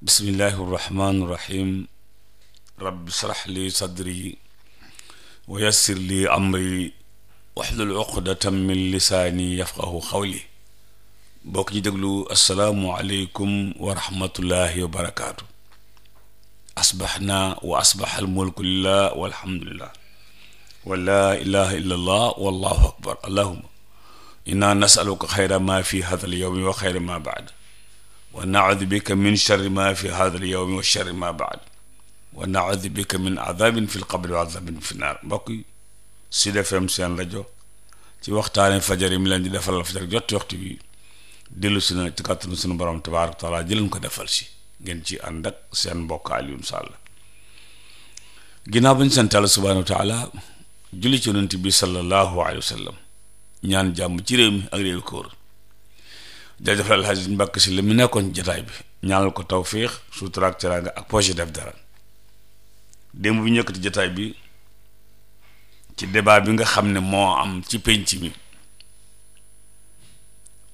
bismillahi irrahmani irrahim rabbi shrah li sadri wa yassir li amri waxlul uqdatan min lisaani yafqahu xawli bokk ñu déglu assalaamu aleykum wa rahmatullahi wa barakaatu asbaxna wa asbax almulku lillah walhamdulillah wa laa ilaha illa allah wallahu akbar allahuma inna nasaluka xayra ma fi hada al yowmi wa xayra ma baad wa naudu bika min sharri ma fi hada al yowmi wa sharri ma baad wa naudu bika min adabin fi lqabri wa adabin fi naar mbokk yi Sud FM seen rajo ci waxtaane fajar yi mi leen di defal la fajar jot waxtu bi dellu si na ci kàttanu sunu borom tabaaraka wa taala jëleen ko defal si ngeen ci ànd ak seen mbokk Alioune Sall ginnaaw ba ñu sant ci yonent bi sallallahu alayhi wa sallam ñaan jàmm ci réew ak réew kóor jaajëfal alxaaji mbàkk si la mu nekkoon jataay bi ñaanal ko tawfiix sutura ak teraanga ak projet def dara démb bi ñëkkati jataay bi ci débat bi nga xam ne moo am ci penc mi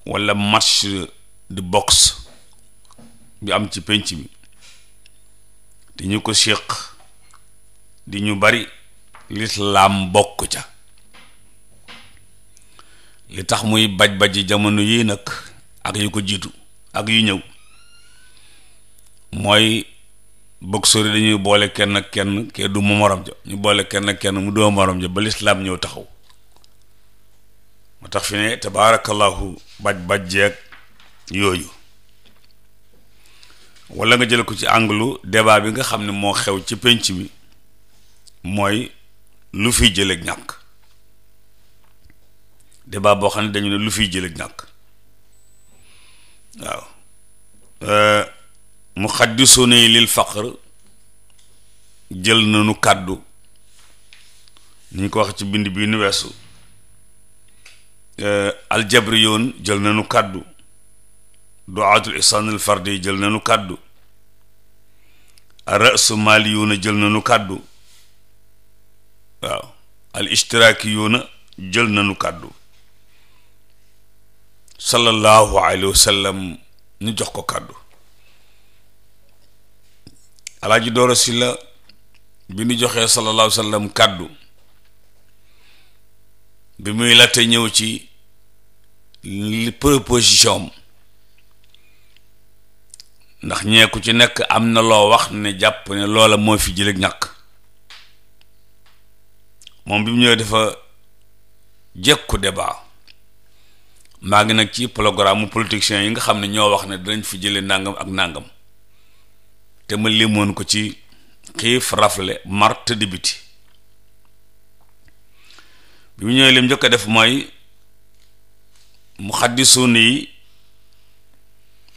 walla match de boxe bi am ci penc mi te ñu ko séq di ñu bari lislaam bokk ca li tax muy baj-baji jamono yii nag ak yu ko jiitu ak yu ñëw mooy boxeur yi dañuy boole kenn ak kenn kee du mu ja ñu boole kenn ak kenn mu doo morom ja ba lislaam ñëw taxaw moo tax fi ne tabaarakallahu baj baj jeeg yooyu walla nga jële ko ci anglu débat bi nga xam ne moo xew ci pénc mi mooy lu fi jële ak ñàkk débat boo xam ne dañu ne lu fiy jël ak ñàkk waaw euh, muxaddisuna yi lil faqr jël nañu kàddu ni ñu ko wax ci bind bi nu weesu euh, aljabriyoon jël nañu kàddu duaatul ihsan al fardi yi jël nañu kàddu rasu maliyuuna jël nañu kàddu waaw al ishtiraakiyuuna jël nañu kàddu sallallahu alayhi wa sallam jox ko kàddu alaaji dooro si la bi ñu joxee sallallahu alayhi wa sallam kàddu bi muy latte ñëw ci li proposition ndax ñee ku ci nekk am na loo wax ne jàpp ne loola mooy fi jëlee ñàkk moom bi mu ñëwee dafa jekku débat maa ngi nag ci programme mu politiciens yi nga xam ne ñoo wax ne danañ fi jëlee nangam ak nangam te ma limoon ko ci xiif rafle mar tëdd biti bi mu ñëwee lim njëkk a def mooy mu xaddisuun yi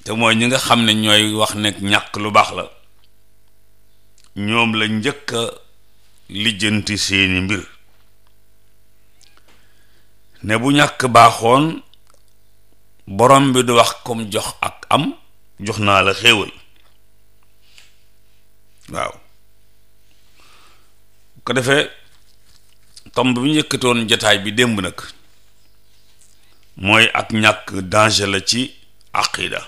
te mooy ñi nga xam ne ñooy wax ne ñàkk lu baax la ñoom la njëkk a lijjanti seeni mbir ne bu ñàkk baaxoon borom bi du wax comme jox ak am jox naa la xéewal waaw ko defee tomb bi ñu yëkkatoon jataay bi démb nag mooy ak ñàkk danger la ci aqida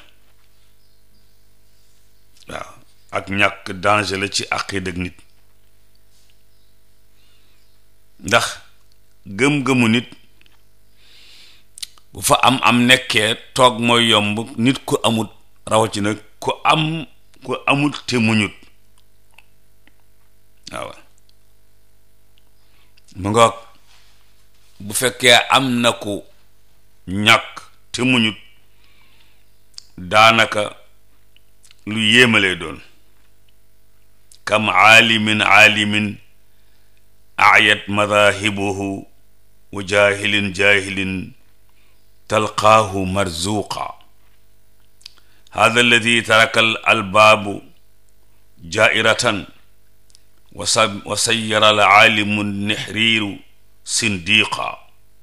waaw ak ñàkk danger la ci aqida ak nit ndax gëm-gëmu nit bu fa am am nekkee toog mooy yomb nit ku amut rawatina ku am ku amut te muñut waaw mu nga bu fekkee am na ku ñàkk te muñut daanaka lu yéema lay doon kam aalimin aalimin ayat madahibuhu wa jahilin jahilin talqaahu marzuqa hada alladi taraka al albaabu jaa'iratan wa sayyara al aalimu nihriiru sindiqa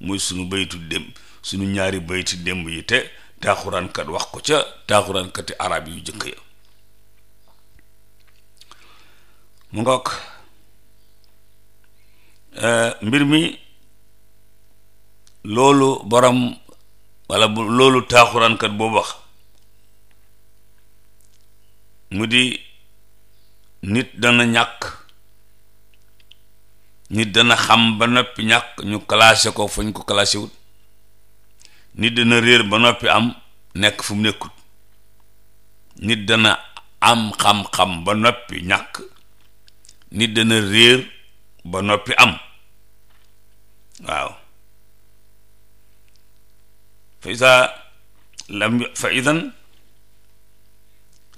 muy sunu baytu démb sunu ñaari bayti démb yi te taaxuraankat wax ko ca taaxuraankati arab yu jëkk ya mu ngoog eh, mbir mi loolu borom wala bu loolu taaxuraankat boobu wax mu di nit dana ñàkk nit dana xam ba noppi ñàkk ñu classé ko fu ñu ko classé wut nit dana réer ba noppi am nekk fu mu nekkut nit dana am xam-xam ba noppi ñàkk nit dana réer ba noppi am waaw fa isa lam fa idan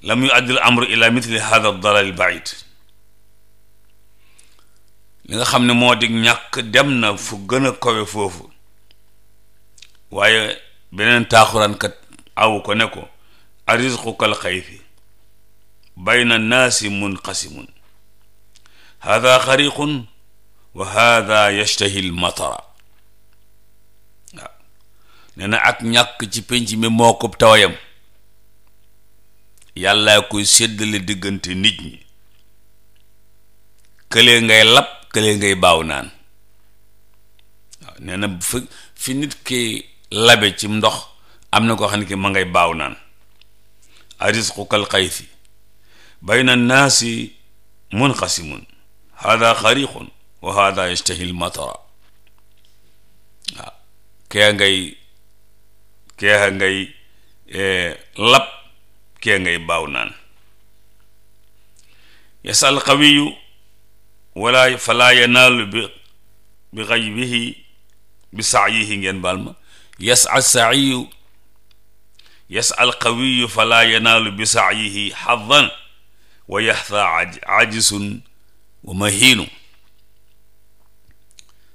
lam yuaddi l amru ila mithli hada dalal baid li nga xam ne moo di ñàkk dem na fu gën a kowe foofu waaye beneen taaxuraankat aw ko ne ko arisqu kal xayfi bayna naasi munqasimun hada xariqun wa hada yashtahi l matara nee na ak ñàkk ci penc mi moo ko tawayam yàlla koy séddale diggante nit ñi këlee ngay lab këlee ngay baaw naan waaw nee fi fi nit ki labe ci ndox am na koo xam ne ki ma ngay baaw naan arisqu kal xayfi bayna naasi munqasimun hada xariqun wa hada yastahil matara waaw kee ngay kee a ngay eh, lab kee ngay baaw naan yasal xawiyu wala falaa yanaalu bi bi xaybihi bi saayihi ngeen baal ma yasal saayiyu yasal xawiyu falaa yanaalu bi saayihi xadan wa yaxsa ajisun wa mahiinu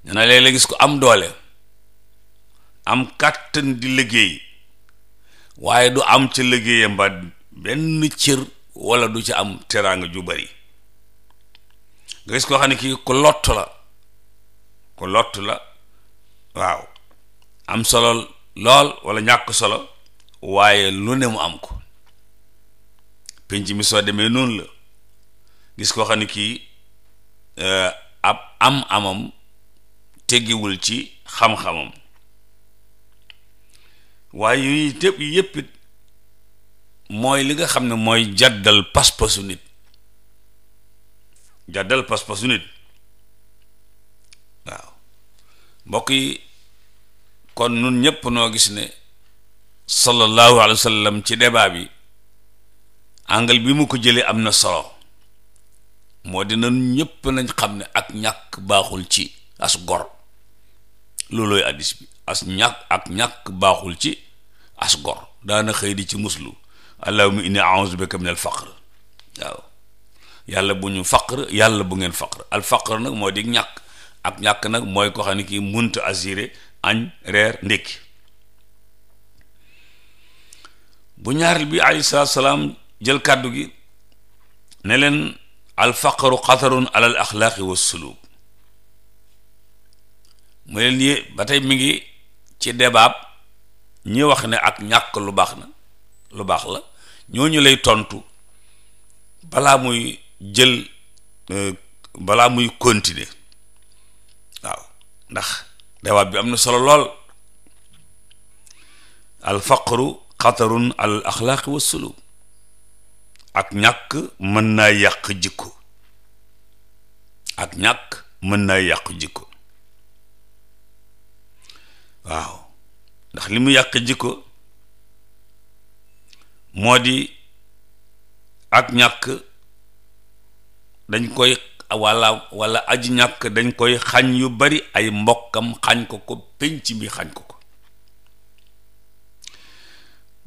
nee na léeg-léeg gis ko am doole am kàttan di liggéey waaye du am ca liggéeyam ba benn cër wala du ci am teraanga ju bari nga gis koo xam ne kii ku lott la ku lott la waaw am solo lool walla ñàkk solo waaye lu ne mu am ko penc mi soo demee noonu la gis koo xam ne kii euh, ab am amam teggiwul ci xam-xamam waaye yooyu tëb yépp mooy li nga xam ne mooy jàddal pas-pasu nit jàddal pas-pasu nit waaw mbokk yi kon nun ñépp noo gis ne sallallahu alayhi wa ci débat bi angle bi mu ko jëlee am na solo moo dina nan ñépp nañ xam ne ak ñàkk baaxul ci as gor loolooy addis bi as ñàkk ak ñàkk baaxul ci as gor daana xëy di ci muslu allahumma inni a'udhu bika min al faqr waaw yàlla bu ñu faqr yàlla bu ngeen faqr al faqr nag mooy di ñàkk ak ñàkk nag mooy ko xam ne kii munta assuré añ reer ndékki bu ñaar bi alayhi salaam jël kàddu gi ne leen al faqru xatarun ala al wa suluk mu leen yee ba tey mi ngi ci débat ñi wax ne ak ñàkk lu baax na lu baax la ñooñu lay tontu balaa muy jël euh, balaa muy continuer waaw ndax débat bi am na solo lool al faqru xatarun al axlaaqi wa ak ñàkk mën naa yàq jikko ak ñàkk mën naa yàq jikko waaw ndax li mu yàq jikko moo di ak ñàkk dañ koy walla walla aj ñàkk dañ koy xañ yu bari ay mbokkam xañ ko ko penc mi xañ ko ko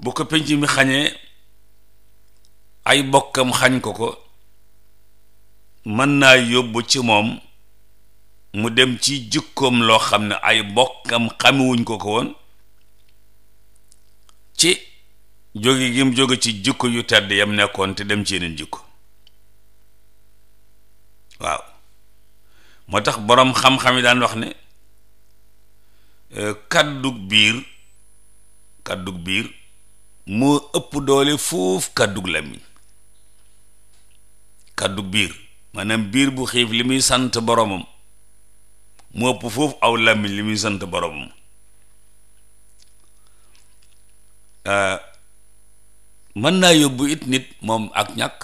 bu ko penc mi xañee ay mbokkam xañ ko ko mën naa yóbbu ci moom mu dem ci jikkoom loo xam ne ay bokkam xamewuñ ko ko woon ci jóge gi mu jóge ci jikko yu tedd yam nekkoon te dem ci yeneen jikko waaw moo tax boroom xam-xam yi daan wax ne e, kàddug biir kàddug biir moo ëpp doole foofu kàddug làmmiñ kàddug biir maanaam biir bu xiif li muy sant boromam mu ëpp foofu aw làmmiñ li muy sant boromam euh, mën naa yóbbu it nit moom ak ñakk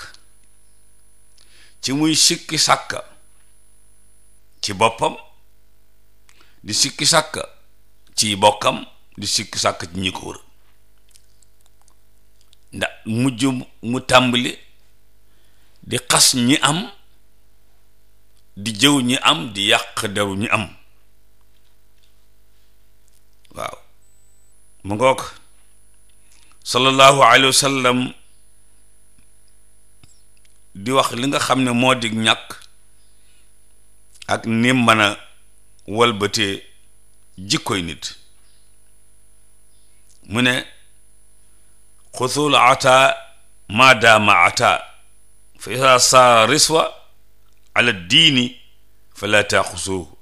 ci muy sikki sàkk ci boppam di sikki sàkka ci bokkam di sikki sàkk ci ñi ko wër ndax mujj mu tàmbali di xas ñi am di jëw ñi am di yàq deru ñi am waaw mu ngoog sallallahu alayhi wa sallam di wax li nga xam ne moo di ñàkk ak ni mën a walbatee jikkoy nit mu ne xusul ata maadaama ata fa isa saa riswa ala diini fala taaxusuuhu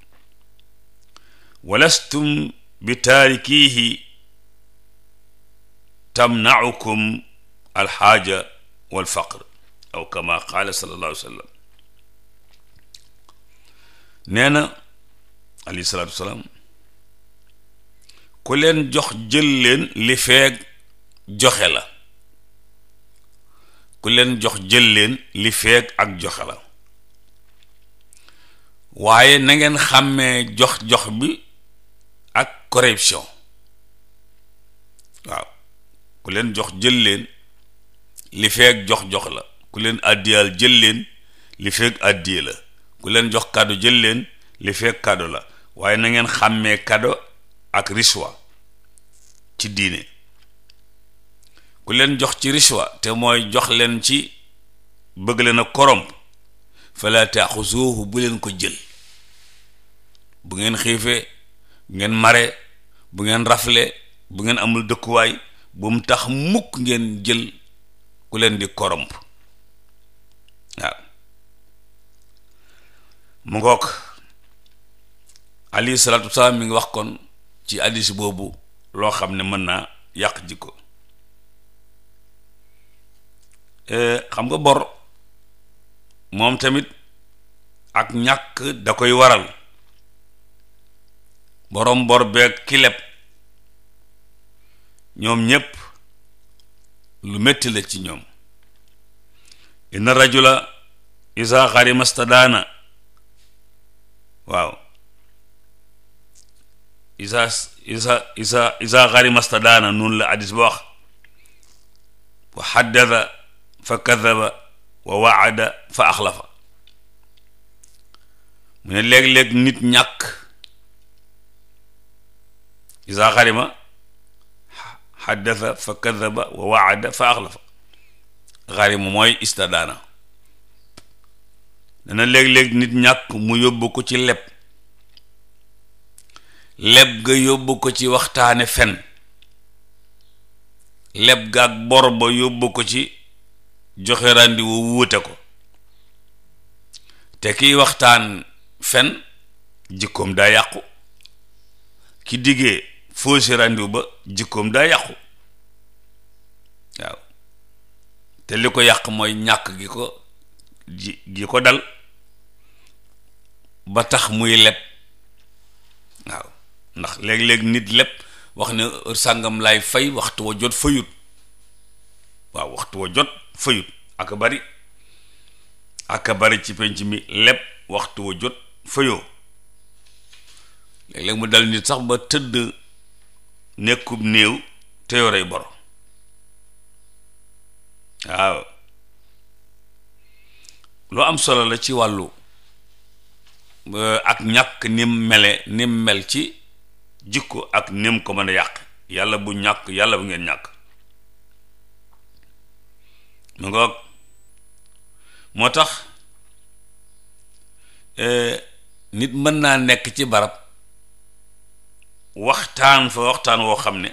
walastum bi taarikihi tamnaukum alxaaja walfaqr aw kama qaala sallallahu alayhi wa sallam nee na alayhi salaatu wasalaam ku leen jox jël leen li feeg joxe la ku leen jox jël leen li feeg ak joxe la waaye nangeen xàmmee jox-jox bi ak corruption waaw ku leen jox jël leen li feeg jox-jox la ku leen àddiyaal jël leen li feeg àddiye la ku leen jox kado jël leen li feeg kado la waaye na ngeen xàmmee kado ak riswa ci diine ku leen jox ci riswa te mooy jox leen ci bëgg leen a korom fala taaxuzuuhu bu leen ko jël bu ngeen xiifee ngeen mare bu ngeen rafle bu ngeen amul dëkkuwaay bu mu tax mukk ngeen jël ku leen di koromp waaw mu ngook alayhi salaatu wasalaam mi ngi wax kon ci addis boobu loo xam ne mën naa yàq jikko eh, xam nga bor moom tamit ak ñàkk da koy waral borom bor beeg kileb ñoom ñépp lu metti la ci ñoom inna rajula isa xarima stadaana waaw isa isa isa isa xarima stadaana noonu la addis ba wax wa fa kadaba wa waada fa axlafa mu ne léeg-léeg nit ñàkk isa xarima xaddasa fa kadaba wa waada fa axlafa xarima mooy istadaana dana léeg-léeg nit ñàkk mu yóbbu ko ci leb leb ga yóbbu ko ci waxtaane fen leb ga ak bor yóbbu ko ci joxe rendez-vous wuute ko te kiy waxtaan fen jikkoom daa yàqu ki diggee fausse rendez-vous ba jikkoom daa yàqu waaw te li ko yàq mooy ñàkk gi ko ji gi ko dal ba tax muy leb waaw ndax léeg-léeg nit leb wax ne sàngam lay fay waxtu wa jot fayut waaw waxtu wa jot fëyut aka bari aka bari ci penc mi leb waxtu wa jot fëyoo léeg mu dal nit sax ba tëdd nekkub néew te yorey bor waaw lu am solo la ci wàllu ak ñàkk nim mele nim mel ci jikko ak nim ko mën a yàq yàlla bu ñàkk yàlla bu ngeen ñàkk mu ngoog moo tax e, nit mën naa nekk ci barab waxtaan fa waxtaan woo xam ne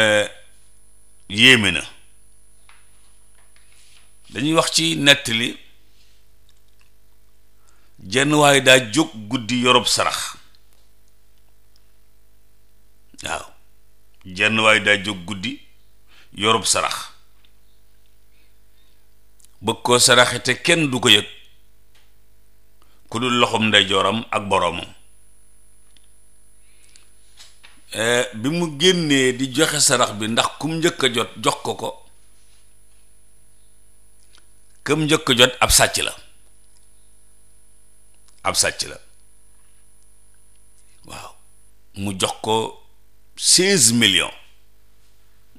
e, yéeme na dañuy wax ci nettali jenn waaye daa jóg guddi yorob sarax waaw jenn waaye daa jóg guddi yorub sarax bëgg koo saraxe te kenn du ko yëg ku dul loxum ndeyjooram ak boroomam eh, bi mu génnee di joxe sarax bi ndax kum njëkk jot jox ko ko këm njëkk jot ab sàcc la ab sàcc la waaw mu jox ko seize million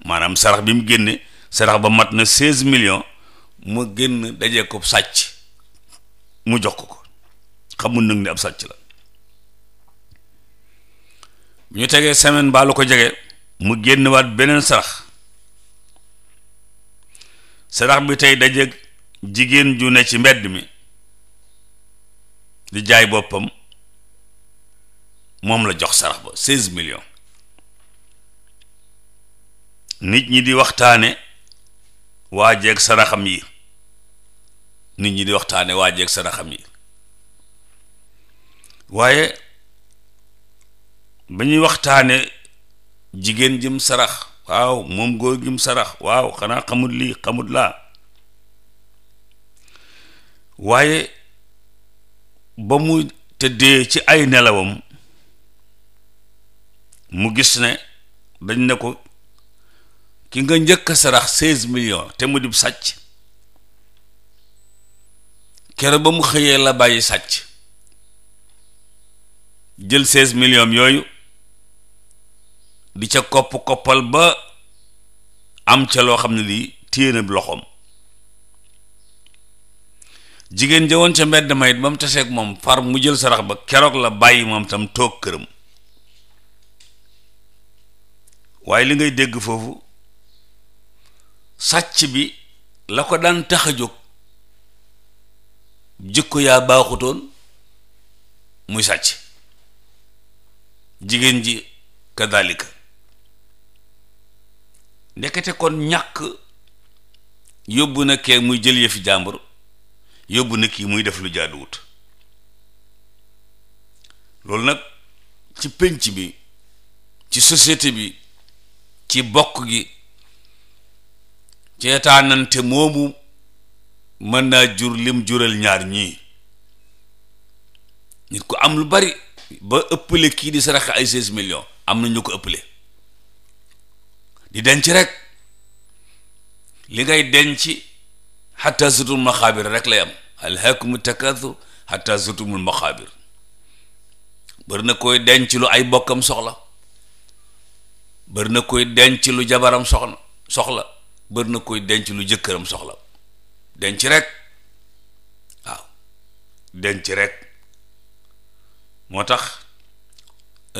maanaam sarax bi mu génne sarax ba mat na seize million mu génn dajee ko sàcc mu jox ko ko xamul nag ni ab sàcc la ñu tegee semaine baa lu ko jege mu génn waat beneen sarax sarax bi tey dajeeg jigéen ju ne ci mbedd mi di jaay boppam moom la jox sarax ba seize millions nit ñi di waxtaane waa jeeg saraxam yi nit ñi di waxtaane waa jeeg saraxam yi waaye ba ñuy waxtaane jigéen jëm sarax waaw moom góor jëm sarax waaw xanaa xamul lii xamul laa waaye ba mu tëddee ci ay nelawam mu gis ne dañ ne ko ki nga njëkk a sarax seize millions te mu dib sàcc kere ba mu xëyee la bàyyi sàcc jël seize million yooyu di ca kopp-koppal ba am ca loo xam ne lii téye na loxoom jigéen ja woon ca mbedd ma it ba mu taseeg moom far mu jël sarax ba keroog la bàyyi moom tam toog këram waaye li ngay dégg foofu sàcc bi la ko daan tax a jóg jikko yaa baaxutoon muy sàcc jigéen ji kadalika ndekete kon ñàkk yóbbu na kee muy jël yëfi jàmbur yóbbu na kii muy def lu jaaduwut loolu nag ci pénc bi ci société bi ci bokk gi ceetaanante moomu mën naa jur lim jural ñaar ñii nit ko am lu bari ba ëppale kii di sarax ay seize millions am na ñu ko ëppale di denc rek li ngay denc xatta zutumul maxaabir rek lay am alhaakumu takaathur xatta zutumul maxaabir bari na koy denc lu ay bokkam soxla bari na koy denc lu jabaram soxna soxla bër na koy denc lu jëkkëram soxla denc rek waaw denc rek moo tax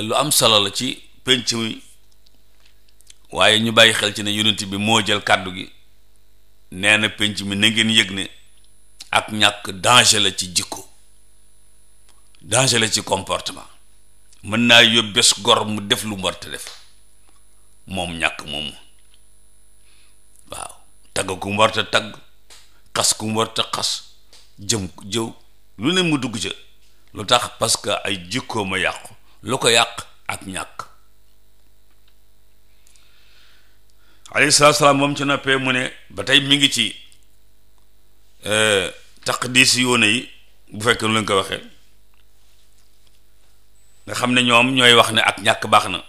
lu am solo la ci penc mi waaye ñu bàyyi xel ci ne yonent bi moo jël kàddu gi nee na penc mi na ngeen yëg ne ak ñàkk danger la ci jikko danger la ci comportement mën naa yóbbees gor mu def lu mu def moom ñàkk moom waaw tagg ku mu tagg xas ku mu war xas jëm jëw lu ne mu dugg ca lu tax parce que ay jikkoo ma yàqu lu ko yàq ak ñàkk alayhi salaatu salaam moom ci noppee mu ne ba tey mi ngi ci taq euh, taqdis yoon yi bu fekkee nu leen ko waxee nga xam ne ñoom ñooy wax ne ak ñàkk baax na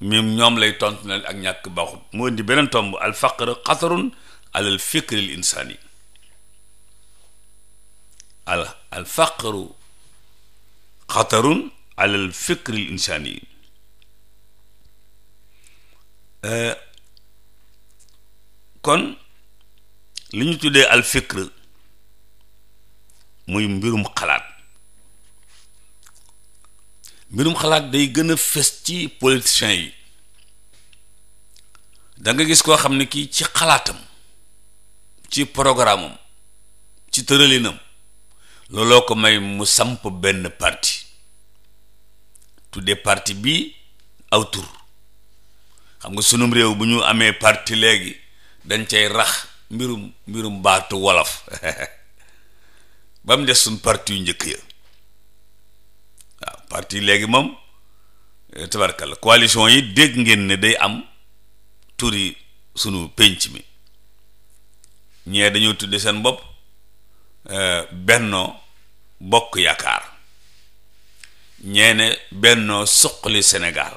mim ñoom lay tontu na ak ñàkk baaxut mu indi beneen tomb al faqr xatarun alal fikril insaani al al faqru xatarun alal fikril insaani euh, kon li ñu tuddee al fikr muy mbirum xalaat birum xalaat day gën a fës ci politiciens yi da nga gis koo xam ne kii ci xalaatam ci programme am ci tëralinam looloo ko may mu samp benn parti tuddee parti bi aw tur xam nga sunum réew bu ñu amee parti léegi dañ cay rax mbirum mbirum baatu wolof ba des suñ parti yu njëkk ya parti léegi moom eh, tabarkalla coalition yi dégg ngeen ne day am turi suñu pénc mi ñee dañoo tudde seen bopp eh, bennoo bokk yaakaar ñee ne bennoo suqali Sénégal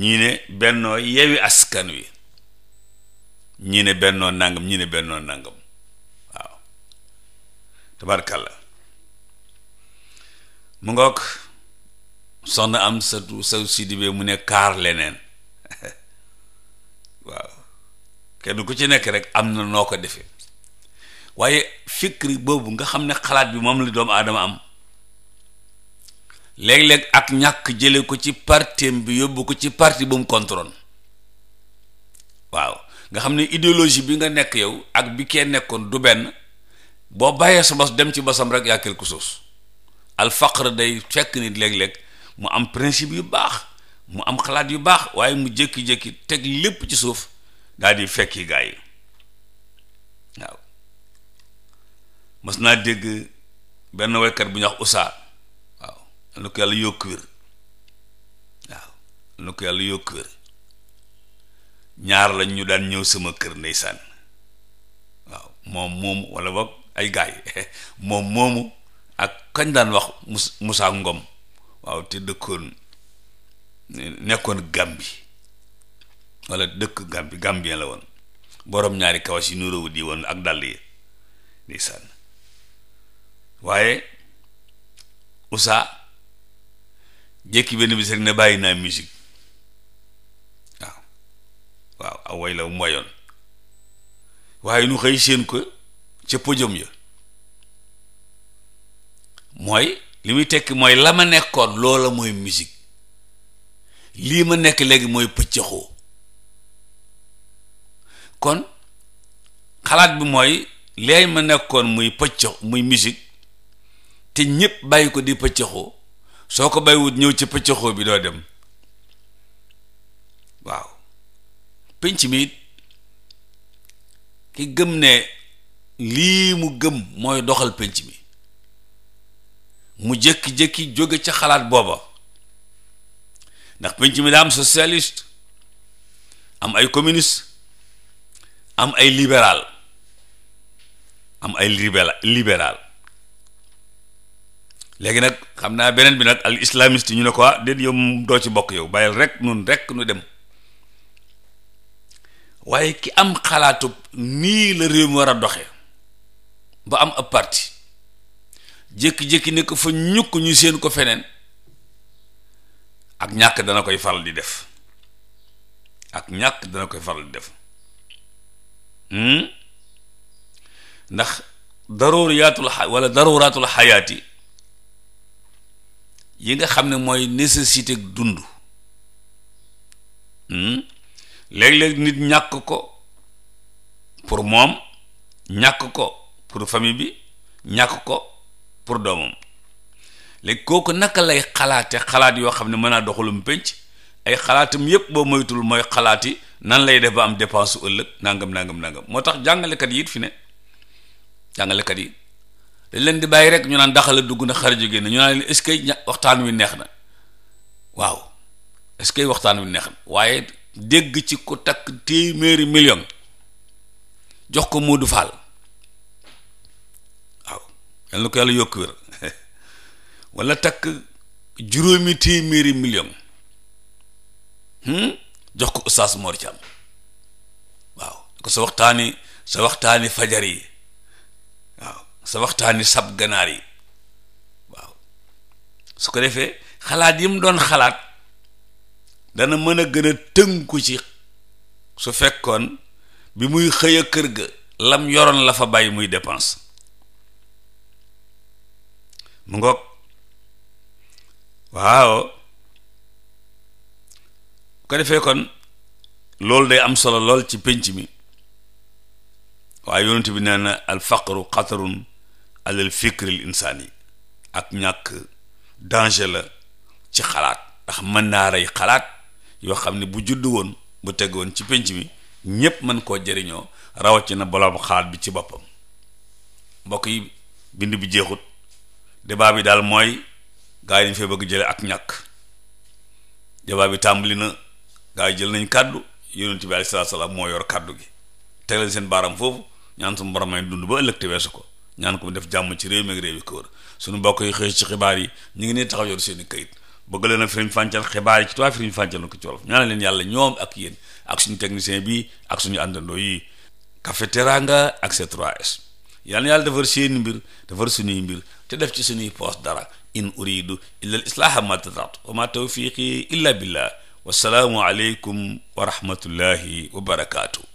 ñii ne bennoo yewi askan wi ñii ne bennoo nangam ñii ne bennoo nangam waaw tabarkalla mu nga ngoog soxna am sa saw sidibee mu ne kaar leneen waaw kenn ku ci nekk rek am na noo ko defee waaye fikri boobu nga xam ne xalaat bi moom li doomu aadama am léeg-léeg ak ñàkk jële ko ci partem bi yóbbu ko ci partie bu mu contrôle waaw nga xam ne idéologie bi nga nekk yow ak bi kee nekkoon du benn boo bàyyee sa bos dem ci bosam rek yaa quelque soos alfaqr day fekk nit léeg-léeg mu am principe yu baax mu am xalaat yu baax waaye mu jékki-jékki teg lépp ci suuf daal di fekki gaa yi waaw mas naa dégg benn waykat bu ñu wax usaa waaw na yàlla yokk wér waaw na yàlla yokk wér ñaar lañ ñu daan ñëw sama kër ndeysaan waaw moom moomu wala boog ay gaay moom moomu ak kañ daan wax Moussa Moussa Ngom waaw te dëkkoon nekkoon Gàmbi walla dëkk Gàmbi Gàmbien la woon borom ñaari kawas yi nuróowu di woon ak dàll yi di sànn waaye usa jékki benn bi rek ne bàyyi naa musique waaw waaw aw way la mu waaye nu xëy séen ko ca podium ya mooy li muy tekki mooy la ma nekkoon loola mooy musique lii ma nekk léegi mooy pëccëxoo kon xalaat bi mooy leey ma nekkoon muy pëccëx muy misik te ñëpp bàyyi ko di pëccëxoo soo ko bàyyiwut ñëw ci pëccëxoo bi doo dem waaw pénc mi it ki gëm ne lii mu gëm mooy doxal pénc mi mu jékki-jékki jóge ca xalaat booba ndax penc mi daa am socialiste am ay communiste am ay libéral am ay libéral léegi nag xam naa beneen bi nag al islamiste ñu ne ko ah, déet yow doo ci bokk yow bàyyil rek nun rek nu dem waaye ki am xalaatub nii la réew mi war a doxe ba am ab parti jékki-jékki ne ko fa ñukk ñu seen ko feneen ak ñàkk dana koy faral di def ak ñàkk dana koy faral di def hmm? ndax daruriyaatul xa wala daruraatul xayaati yi nga xam ne mooy nécessité dund hmm? léeg-léeg nit ñàkk ko pour moom ñàkk ko pour famille bi ñàkk ko pour doomam léegi kooku naka lay xalaate xalaat yoo xam ne mën naa doxalum pénc ay xalaatam yépp boo moytul mooy xalaati nan lay def ba am dépense su ëllëg nangam nangam nangam moo tax jàngalekat yi fi ne jàngalekat yi dañ leen di bàyyi rek ñu naan daxala dugg na xar jóge na ñu naan leen est waxtaan wi neex na waaw est-ce que waxtaan wi neex na waaye dégg ci ko takk téeméeri million jox ko Modou Fall yal na ko yàlla yokk wér wala takk juróomi téeméeri million hmm? jox ko Oustaz Mor Thiam waaw ko sa waxtaani sa waxtaani fajar yi waaw sa waxtaani sab ganaar yi waaw su ko defee xalaat yi mu doon xalaat dana mën a gën a tënku ci su fekkoon bi muy xëy kër ga lam yoroon la fa bàyyi muy dépense mu ngoog waaw ko defee kon loolu day am solo lool ci pénc mi waaye yonent bi nee na al faqru xatarun alal fikril insaan yi ak ñàkk danger la ci xalaat ndax mën naa rey xalaat yoo xam ne bu judd woon bu teg woon ci pénc mi ñépp mën koo jëriñoo rawatina boroom xalaat bi ci boppam mbokk yi bind bi jeexut débat bi daal mooy gaa yi dañu fee bëgg jële ak ñàkk débat bi tàmbali na gaa yi jël nañ kàddu yonent bi alayhi salaatu salaam moo yor kàddu gi teg leen seen baaram foofu ñaan suñu borom may dund ba ëllëg te weesu ko ñaan ko mu def jàmm ci réew mi réew yi ko suñu mbokk yi xëy ci xibaar yi ñu ngi ne taxaw yor seen i këyit bëgg leen a firiñ fàncal xibaar yi ci tubaab firiñ fàncal na ko ci wolof ñaan leen yàlla ñoom ak yéen ak suñu technicien bi ak suñu àndandoo yi Café Teranga ak yàlla yàlla defar seen mbir defar suñuy mbir te def ci suñuy poos dara in uridu illa al islaaha ma tataatu wa ma tawfiqi illa billah wassalaamu aleykum wa rahmatullahi wa barakaatu